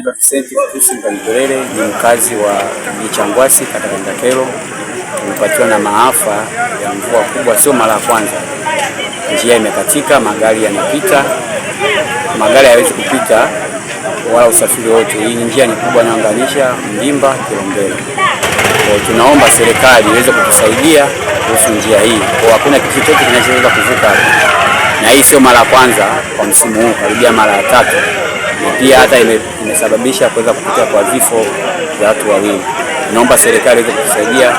Vincent Futusi Mkangelele ni mkazi wa kijiji cha Ngwasi kata Tumepatiwa na maafa ya mvua kubwa, sio mara ya kwanza. Njia imekatika, magari yanapita, magari hayawezi kupita wala usafiri wote. Hii njia ni kubwa, inaunganisha Mlimba Kilombero. Tunaomba serikali iweze kutusaidia kuhusu njia hii, kwa hakuna kitu chochote kinachoweza kuvuka hapa, na hii sio mara ya kwanza kwa msimu huu, karibia mara ya tatu na pia hata imesababisha kuweza kupotea kwa vifo vya watu wawili. Naomba serikali iweze kutusaidia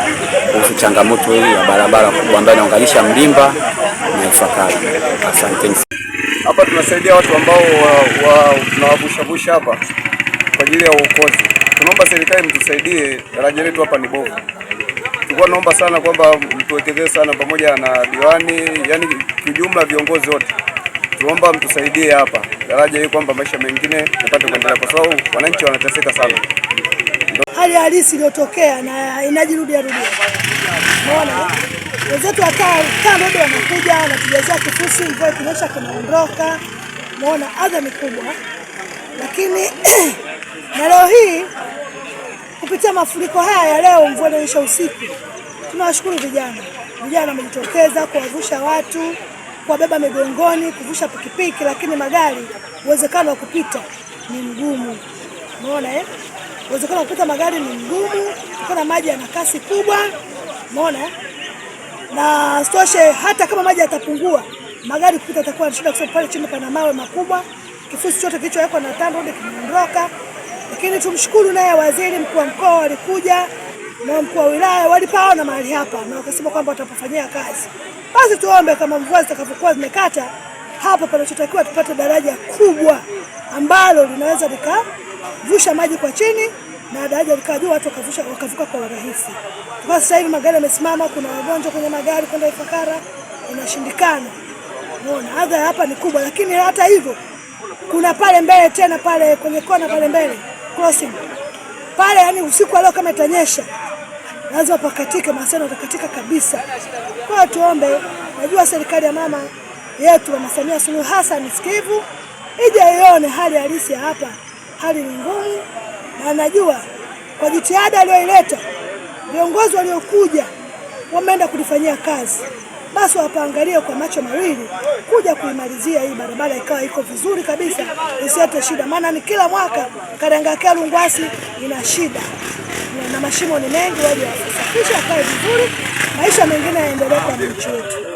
kuhusu changamoto hii ya barabara kubwa ambayo inaunganisha Mlimba na Ifakara. Asante. Hapa tunasaidia watu ambao tunawavushavusha wa, hapa kwa ajili ya uokozi. Tunaomba serikali mtusaidie, daraja letu hapa ni bovu. Tulikuwa naomba sana kwamba mtuwekezee sana, pamoja na diwani, yani kijumla viongozi wote tuomba mtusaidie hapa daraja hili, kwamba maisha mengine yapate kuendelea, kwa sababu wananchi wanateseka sana. Hali halisi iliyotokea na inajirudia rudia. mona wenzetu wadodo wanakuja wanatujazia kifusi, mvua ikinyesha kinaondoka. mona adha ni kubwa, lakini na leo hii kupitia mafuriko haya ya leo, mvua inaonyesha usiku. Tunawashukuru vijana, vijana wamejitokeza kuwavusha watu kuwabeba migongoni, kuvusha pikipiki, lakini magari uwezekano wa kupita ni mgumu. Umeona eh? Uwezekano wa kupita magari ni mgumu kuna maji yana kasi kubwa. Umeona eh? Na stoshe hata kama maji yatapungua, magari kupita na shida kwa sababu pale chini pana mawe makubwa, kifusi chote kilichowekwa na TANROADS kimeondoka. Lakini tumshukuru naye waziri mkuu wa mkoa alikuja na mkuu wa wilaya walipaona mahali hapa na wakasema kwamba watapofanyia kazi. Basi tuombe kama mvua zitakavyokuwa zimekata hapa, panachotakiwa tupate daraja kubwa ambalo linaweza likavusha maji kwa chini na daraja likaa juu, watu wakavuka kwa urahisi. Kwa sasa hivi magari yamesimama, kuna wagonjwa kwenye magari kwenda Ifakara inashindikana. Unaona, adha hapa ni kubwa, lakini hata hivyo kuna pale mbele tena pale kwenye kona pale mbele crossing pale, yani usiku leo kama itanyesha lazima pakatike, mawasiliano yatakatika kabisa. Kwa hiyo tuombe, najua serikali ya mama yetu Mama Samia Suluhu Hassan sikivu ije ione hali halisi ya hapa. Hali ni ngumu, na najua kwa jitihada aliyoileta viongozi waliokuja wameenda kulifanyia kazi basi wapaangalie kwa macho mawili kuja kuimalizia hii barabara ikawa iko vizuri kabisa, isiate shida. Maana ni kila mwaka Kadangakea Lungwasi ina shida na mashimo ni mengi, waje wasafisha akae vizuri, maisha mengine yaendelee kwa mchi wetu.